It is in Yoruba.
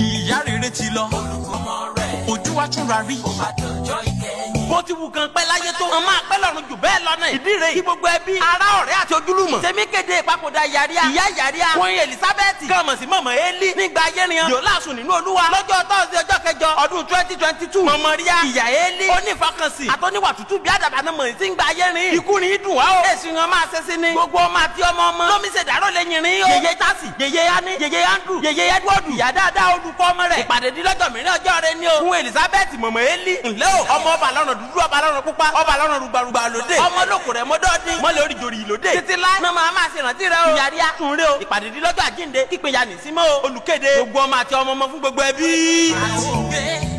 ìyá rere ti lọ ojú wa túnra rí bó ti wù kàn pẹ́ láyé tó wọn máa pẹ́ lọ́run jù bẹ́ẹ̀ lọ́nà ìdí rẹ̀ kí gbogbo ẹbí ará ọ̀rẹ́ mọ̀. tèmi kéde ìpapòdà yàríà ìyá yàríà queen elizabeth gàmọ̀ sí mọ̀mọ́ eli nígbà yẹ́rìyàn yòólà sùn nínú olúwa lọ́jọ́ tọ́sí ọjọ́ kẹjọ ọdún twenty twenty two mọ̀mọ́ ríà ìyá eli onífọkànsìn àtọ́níwà tútù bí àdàbà náà mọ̀ sí ngbà yẹ́rìn ikú ni dùn wá o èsì wọn máa ṣe sí ni gbogbo ọmọ àti ọmọ ọmọ lómi ṣe dàrọ́ lè yìnrín o yèyé tásì yèyé ani yèyé andrew yèyé edward ìyá dáadáa olùkọ́ ọmọ rẹ̀ ìpàdé dílọ́jọ́ mìíràn ọjọ́ rẹ ni o fún elizabeth mọ̀mọ́ eli ńlẹ́ o ọmọ ọba lọ́nà dúdú ọba lọ́nà pupa ọba lọ́nà rugbarugba lóde ọmọ lóko rẹ̀ mọ́dọ́dín mọ́lẹ́ oríjòrì lóde títí láì náà máa máa ṣe ìrántí rẹ o. ìyàrí akùnrin o ìpàdé di lọ́jọ́ ya nìsímọ́ o olùkéde gbogbo ọmọ àti ọmọ ọmọ fún gbogbo ẹbí. àtúngbé